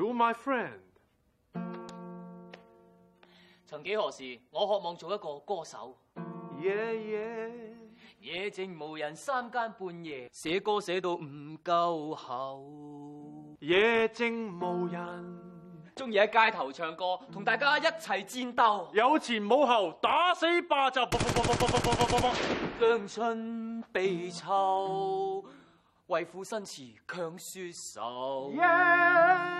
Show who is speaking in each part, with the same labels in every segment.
Speaker 1: To my friend，曾幾何時，我渴望做一個歌手。Yeah yeah，夜靜無人，三更半夜寫歌寫到唔夠喉。夜靜、yeah, 無人，中意喺街頭唱歌，同大家一齊戰鬥，有前冇後，打死霸就。傷春悲秋，為父新詞強說愁。Yeah,
Speaker 2: yeah。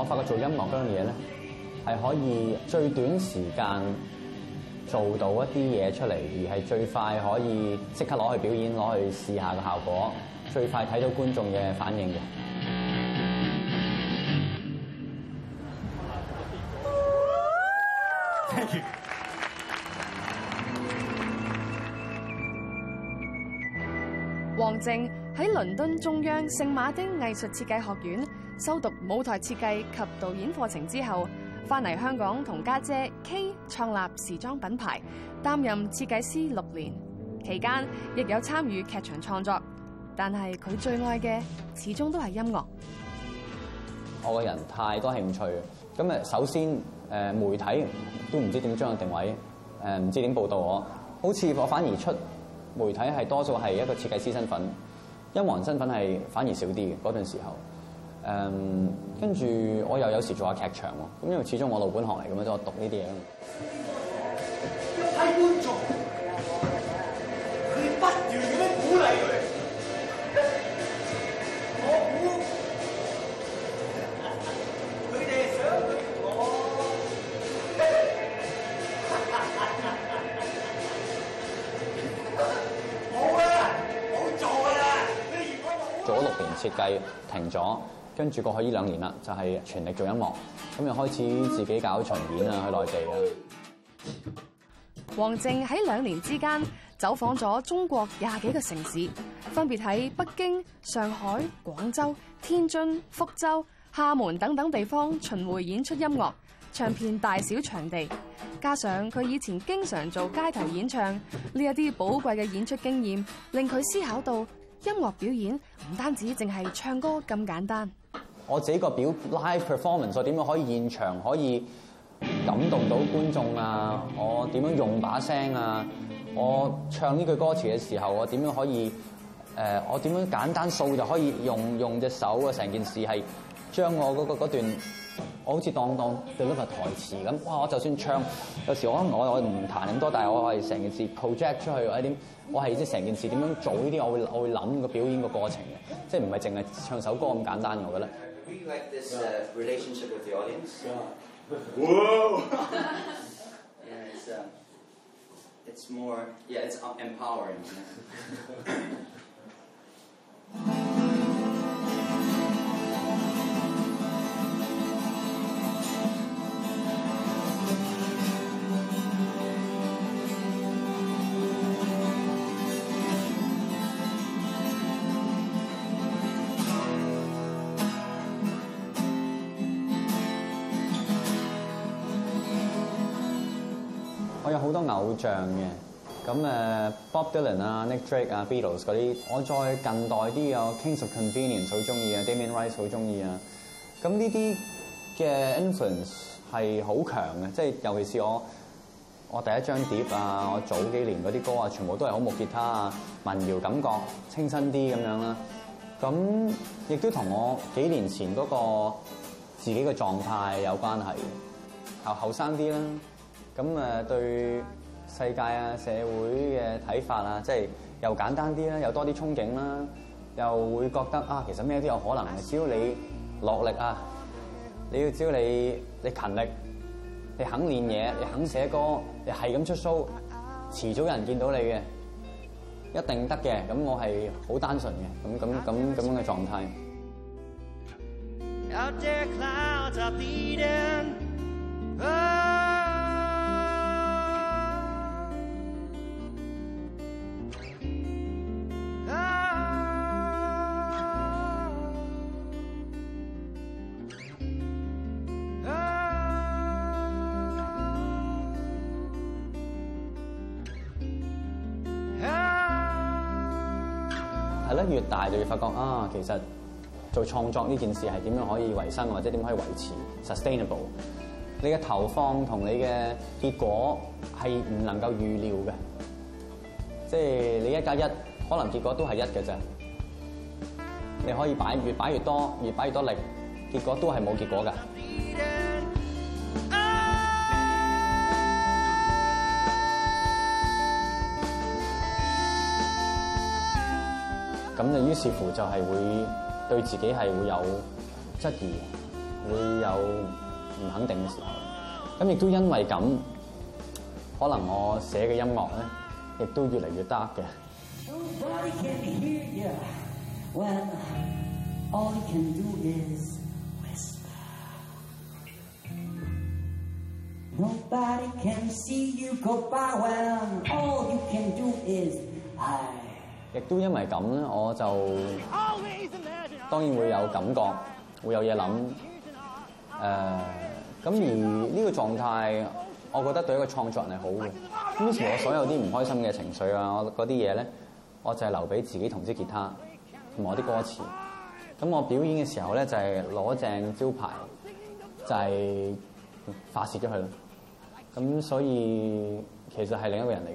Speaker 3: 我發覺做音樂嗰樣嘢咧，係可以最短時間做到一啲嘢出嚟，而係最快可以即刻攞去表演，攞去試下個效果，最快睇到觀眾嘅反應嘅。Thank you，
Speaker 4: 黃靖。倫敦中央聖馬汀藝術設計學院修讀舞台設計及導演課程之後，翻嚟香港同家姐 K 創立時裝品牌，擔任設計師六年期間，亦有參與劇場創作。但係佢最愛嘅始終都係音樂。
Speaker 3: 我個人太多興趣，咁啊首先誒，媒體都唔知點將我定位，誒，唔知點報道我。好似我反而出媒體係多數係一個設計師身份。音樂人身份係反而少啲嘅嗰陣時候，誒，跟住我又有時做下劇場喎，咁因為始終我老本行嚟咁樣，所以我讀呢啲嘢。做咗六年設計，停咗，跟住過去呢兩年啦，就係、是、全力做音樂，咁又開始自己搞巡演啊，去內地啊。
Speaker 4: 黃靖喺兩年之間走訪咗中國廿幾個城市，分別喺北京、上海、廣州、天津、福州、廈門等等地方巡迴演出音樂唱片，大小場地，加上佢以前經常做街頭演唱呢一啲寶貴嘅演出經驗，令佢思考到。音樂表演唔單止淨係唱歌咁簡單。
Speaker 3: 我自己個表 live performance，我點樣可以現場可以感動到觀眾啊？我點樣用把聲啊？我唱呢句歌詞嘅時候，我點樣可以？誒，我點樣簡單掃就可以用用隻手啊？成件事係將我嗰嗰段。我好似當當對嗰個台詞咁，哇！我就算唱，有時我我我唔彈咁多，但係我係成件事 project 出去或者點，我係即係成件事點樣做呢啲，我會我會諗個表演個過程嘅，即係唔係淨係唱首歌咁簡單我覺得，我覺得。 好多偶像嘅，咁誒 Bob Dylan 啊、Nick Drake 啊、Beatles 嗰啲，我再近代啲啊 Kings of Convenience 好中意啊、Damian Rice 好中意啊，咁呢啲嘅 influence 係好強嘅，即係尤其是我我第一張碟啊，我早幾年嗰啲歌啊，全部都係好木吉他啊、民謠感覺清新啲咁樣啦，咁亦都同我幾年前嗰個自己嘅狀態有關係，後後生啲啦。咁誒對世界啊、社會嘅睇法啊，即係又簡單啲啦，又多啲憧憬啦、啊，又會覺得啊，其實咩都有可能，只要你落力啊，你要只要你你勤力，你肯練嘢，你肯寫歌，你係咁出 show，遲早有人見到你嘅，一定得嘅。咁我係好單純嘅，咁咁咁咁樣嘅狀態。
Speaker 2: Out
Speaker 3: 越大就越發覺啊，其實做創作呢件事係點樣可以維生或者點樣可以維持 sustainable？你嘅投放同你嘅結果係唔能夠預料嘅，即係你一加一可能結果都係一嘅啫。你可以擺越擺越多，越擺越多力，結果都係冇結果㗎。咁於是乎就係會對自己係會有質疑，會有唔肯定嘅時候。咁亦都因為咁，可能我寫嘅音樂咧，亦都越嚟越暗嘅。亦都因為咁咧，我就
Speaker 4: 當然會有感
Speaker 3: 覺，會有嘢諗。誒、呃、咁而呢個狀態，我覺得對一個創作人係好嘅。於是我所有啲唔開心嘅情緒啊，我啲嘢咧，我就係留俾自己同啲吉他同埋我啲歌詞，咁我表演嘅時候咧，就係、是、攞正招牌，就係、是、發泄咗佢咯。咁所以其實係另一個人嚟嘅。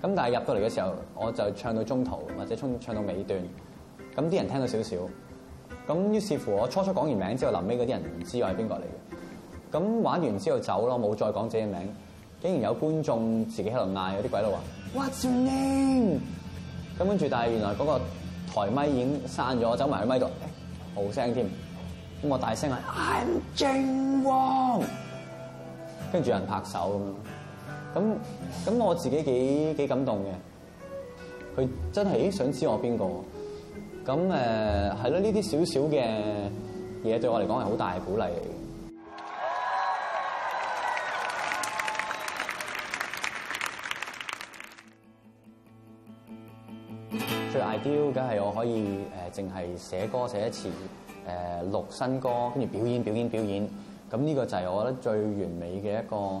Speaker 3: 咁但係入到嚟嘅時候，我就唱到中途，或者唱唱到尾段，咁啲人聽到少少，咁於是乎我初初講完名之後，臨尾嗰啲人唔知我係邊個嚟嘅，咁玩完之後走咯，冇再講自己嘅名，竟然有觀眾自己喺度嗌，有啲鬼佬話：What's your name？咁跟住，但係原來嗰個台咪已經散咗，我走埋去咪度好、欸、冇聲添，咁我大聲話：I'm Jing Wong，跟住有人拍手咁樣。咁咁我自己幾幾感動嘅，佢真係想知我邊個，咁誒係咯呢啲少少嘅嘢對我嚟講係好大嘅鼓勵嚟嘅。 最 ideal 梗係我可以淨係寫歌寫詞誒錄新歌，跟住表演表演表演，咁呢個就係我覺得最完美嘅一個。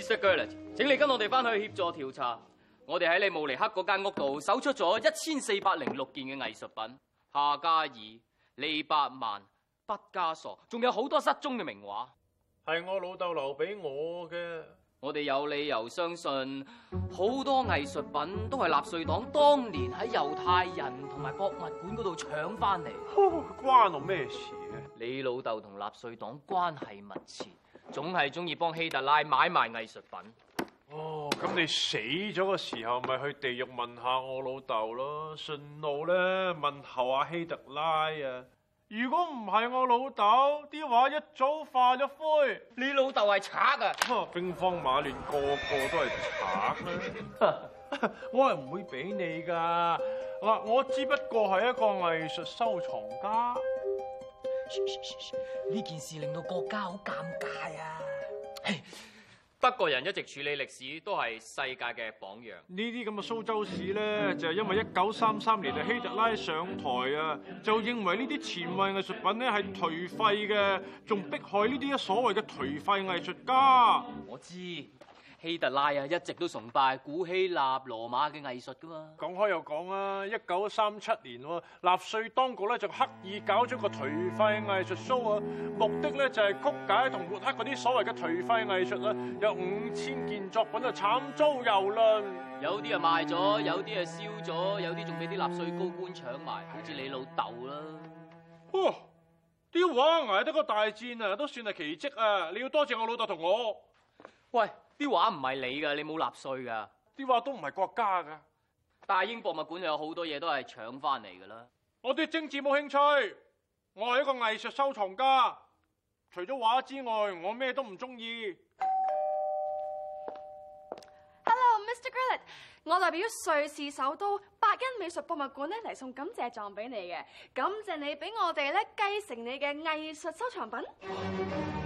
Speaker 1: Mr. Gurlitt，請你跟我哋翻去協助調查。我哋喺你慕尼黑嗰間屋度搜出咗一千四百零六件嘅藝術品，夏，夏加爾、李伯曼、畢加索，仲有好多失蹤嘅名畫。係我老豆留俾我嘅。我哋有理由相信，好多藝術品都係納粹黨當年喺猶太人同埋博物館嗰度搶翻嚟。關我咩事啊？你老豆同納粹黨關係密切。總係中意幫希特拉買埋藝術品。哦，
Speaker 2: 咁你死咗嘅時候咪去地獄問下我老豆咯，順路咧問候阿希特拉啊。如果唔係我老豆，啲畫一早化咗灰。你老豆係賊噶。兵荒馬亂，個個都係賊啦。我係唔會俾你噶。嗱，我只不過係一個藝術收藏家。呢件事令到國家好尷尬啊！
Speaker 1: 德國人一直處理歷史都係世界嘅榜樣。
Speaker 2: 呢啲咁嘅蘇州屎咧，就係因為一九三三年就希特拉上台啊，就認為呢啲前衛藝術品咧係頹廢嘅，仲迫害呢啲所謂嘅頹廢藝術家。
Speaker 1: 我知。希特拉啊，一直都崇拜古
Speaker 2: 希臘羅馬嘅藝術噶嘛。講開又講啊，一九三七年喎，納粹當局咧就刻意搞咗個頹廢藝術 show 啊，目的咧就係曲解同抹黑嗰啲所謂嘅頹廢藝術啊。有五千件作品啊，慘遭蹂躪。
Speaker 1: 有啲啊賣咗，有啲啊燒咗，有啲仲俾啲納粹高官搶埋，好似你老豆啦。哦，啲畫挨得個大戰啊，都算係奇蹟啊！你要多謝我老豆同我。喂。啲畫唔係你噶，你冇納稅噶。啲畫都唔係國家噶。大英博物館有好多嘢都係搶翻嚟噶啦。我
Speaker 2: 對政治冇興趣，我係一個藝術收藏家。除咗畫之外，我咩都唔中意。
Speaker 4: Hello, Mr. Gurlitt，我代表瑞士首都伯恩美術博物館咧嚟送感謝狀俾你嘅，感謝你俾我哋咧繼承你嘅藝術收藏品。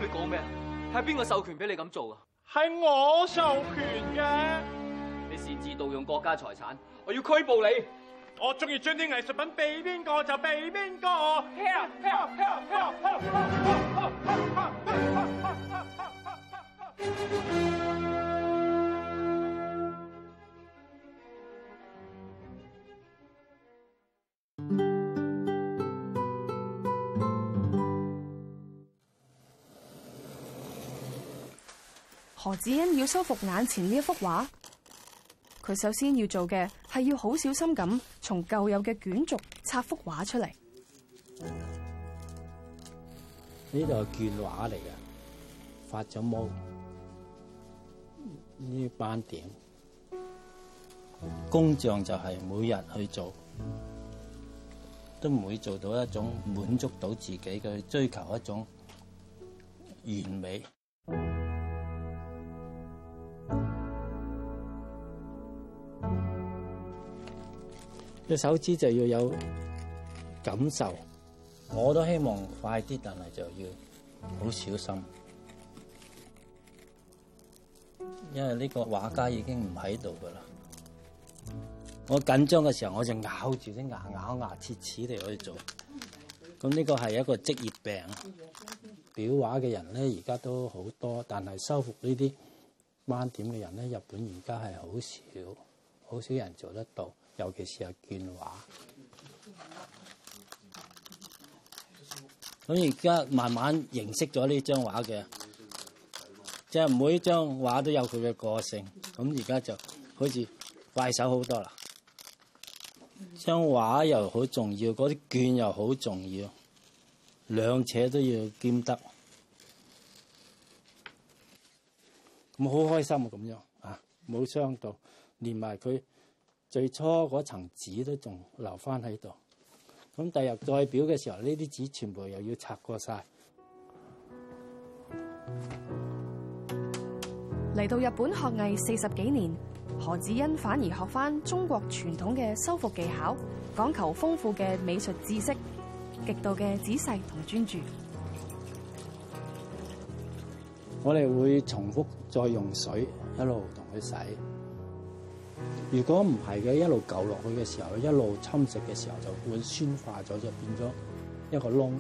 Speaker 1: 你講咩？係邊個授權俾你咁做噶？係
Speaker 4: 我授權嘅，
Speaker 1: 你擅自盜用國家財產，我要拘捕你。我中意將啲藝術品俾邊個就俾邊個。
Speaker 4: 何子欣要修復眼前呢一幅畫，佢首先要做嘅係要好小心咁從舊有嘅卷軸拆幅畫出嚟。
Speaker 5: 呢度係絹畫嚟嘅，發咗毛，呢斑點，工匠就係每日去做，都唔會做到一種滿足到自己嘅追求一種完美。隻手指就要有感受，我都希望快啲，但係就要好小心。因為呢個畫家已經唔喺度㗎喇，我緊張嘅時候我就咬住啲牙，咬牙切齒嚟去做。咁呢個係一個職業病啊，裱畫嘅人咧而家都好多，但係修復呢啲斑點嘅人咧，日本而家係好少，好少人做得到。尤其是啊卷畫，咁而家慢慢認識咗呢張畫嘅，即係每一張畫都有佢嘅個性，咁而家就好似快手好多啦。張畫又好重要，嗰啲卷又好重要，兩者都要兼得。咁好開心咁樣啊！冇、啊、傷到，連埋佢。最初嗰層紙都仲留翻喺度，咁第日再裱嘅時候，呢啲紙全部又要拆過晒。
Speaker 4: 嚟到日本學藝四十幾年，何子欣反而學翻中國傳統嘅修復技巧，講求豐富嘅美術知識，極度嘅仔細同專注。
Speaker 5: 我哋會重複再用水一路同佢洗。如果唔係嘅，一路舊落去嘅時候，一路侵蝕嘅時候，就會酸化咗，就變咗一個窿。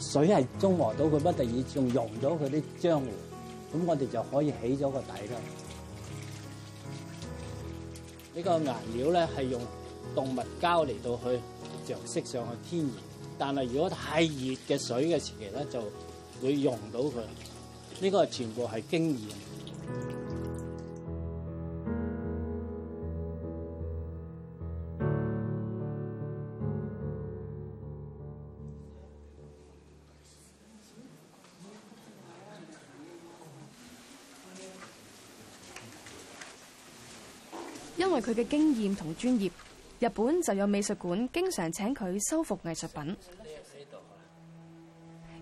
Speaker 5: 水係中和到佢，不得已仲溶咗佢啲漿糊，咁我哋就可以起咗個底啦。呢個顏料咧係用動物膠嚟到去着色上去天然，但係如果太熱嘅水嘅時期咧，就會溶到佢。呢個全部係經驗。
Speaker 4: 因為佢嘅經驗同專業，日本就有美術館經常請佢修復藝術品。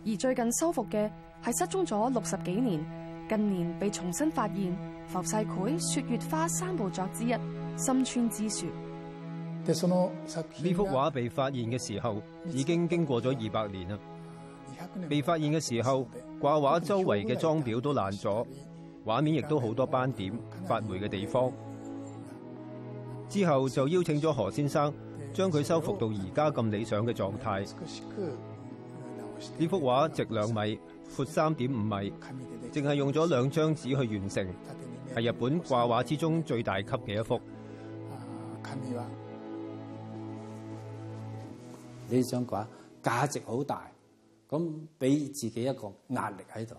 Speaker 4: 而最近修復嘅係失蹤咗六十幾年，近年被重新發現浮世繪雪月花三部作之一《深川之雪》。呢幅畫
Speaker 5: 被發現嘅時候，已經經過咗二百年啦。被發現嘅時候，掛畫周圍嘅裝裱都爛咗，畫面亦都好多斑點、發霉嘅地方。之後就邀請咗何先生將佢修復到而家咁理想嘅狀態。呢幅畫值兩米，闊三點五米，淨係用咗兩張紙去完成，係日本掛畫，畫之中最大級嘅一幅。呢張掛畫價值好大，咁俾自己一個壓力喺度，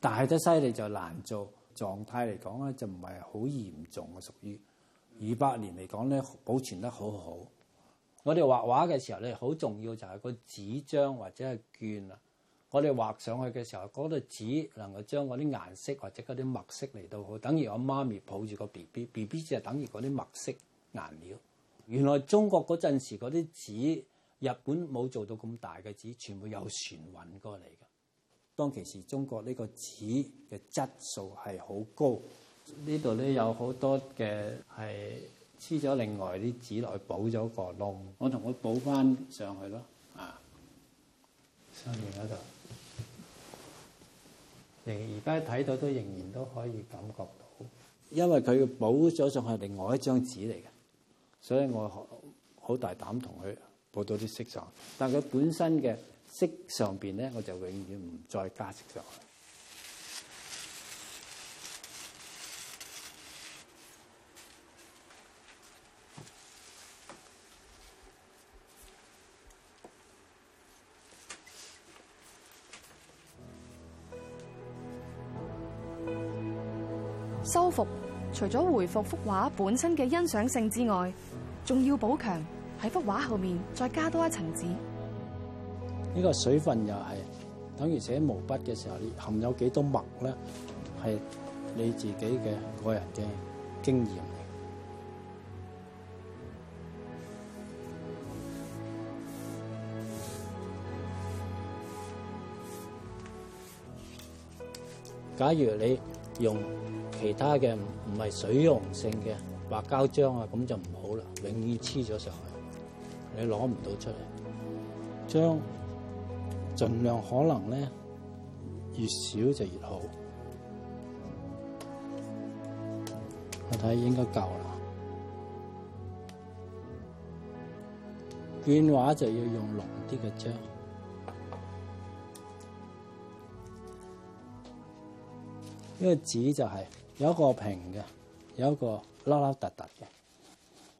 Speaker 5: 大得犀利就難做。狀態嚟講咧，就唔係好嚴重嘅屬於。二百年嚟講咧，保存得好好。我哋畫畫嘅時候咧，好重要就係個紙張或者係絹啊。我哋畫上去嘅時候，嗰個紙能夠將嗰啲顏色或者嗰啲墨色嚟到好。等於我媽咪抱住個 B B，B B 就等於嗰啲墨色顏料。原來中國嗰陣時嗰啲紙，日本冇做到咁大嘅紙，全部有船運過嚟嘅。當其時，中國呢個紙嘅質素係好高。呢度咧，有好多嘅係黐咗另外啲紙落去補咗個窿，我同佢補翻上去咯。啊，上邊度，而而家睇到都仍然都可以感覺到，因為佢補咗上去另外一張紙嚟嘅，所以我好大膽同佢補到啲色上，但佢本身嘅色上邊咧，我就永遠唔再加色上去。
Speaker 4: 除咗回復幅畫本身嘅欣賞性之外，仲要補強，喺幅畫後面再加多一層紙。
Speaker 5: 呢個水分又係等於寫毛筆嘅時候，你含有幾多墨咧？係你自己嘅個人嘅經驗嚟。假如你用。其他嘅唔係水溶性嘅白膠漿啊，咁就唔好啦，永遠黐咗上去，你攞唔到出嚟。漿，盡量可能呢，越少就越好。我睇應該夠啦。捲畫就要用濃啲嘅漿，呢個紙就係。有一個平嘅，有一個凹凹凸凸嘅，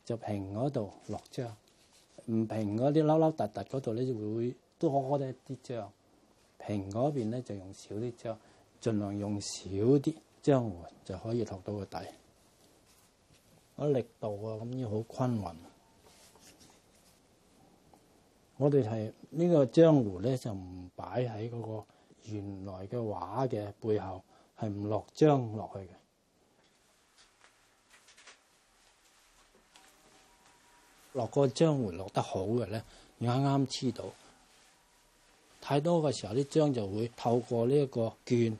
Speaker 5: 就平嗰度落漿，唔平嗰啲凹凹凸凸嗰度咧就會多開一啲漿，平嗰邊咧就用少啲漿，盡量用少啲漿就可以落到個底。個力度啊，咁要好均勻。我哋係呢個漿糊咧就唔擺喺嗰個原來嘅畫嘅背後，係唔落漿落去嘅。落個漿會落得好嘅咧，啱啱黐到太多嘅時候，啲漿就會透過呢一個捲，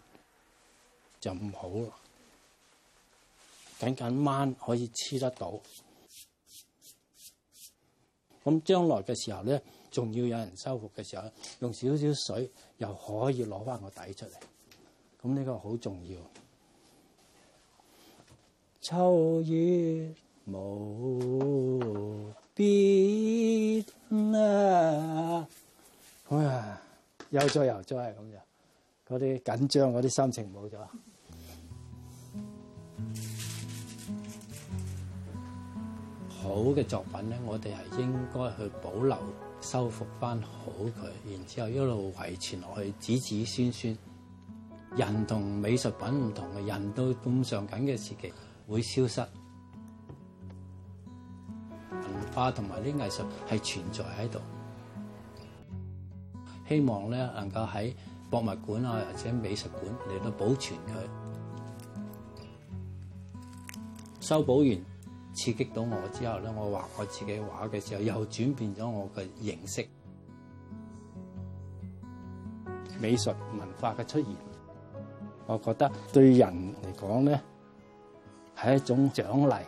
Speaker 5: 就唔好咯。僅僅掹可以黐得到。咁將來嘅時候咧，仲要有人修復嘅時候，用少少水又可以攞翻個底出嚟，咁呢個好重要。秋雨霧。變啦！好、哎、呀，又再又再咁就嗰啲緊張，嗰啲心情冇咗。好嘅作品咧，我哋係應該去保留、修復翻好佢，然之後一路維持落去，子子孫孫。人同美術品唔同嘅，人都咁上緊嘅時期會消失。化同埋啲藝術係存在喺度，希望咧能夠喺博物館啊或者美術館嚟到保存佢。修補完刺激到我之後咧，我畫我自己畫嘅時候又轉變咗我嘅認識。美術文化嘅出現，我覺得對人嚟講咧係一種獎勵。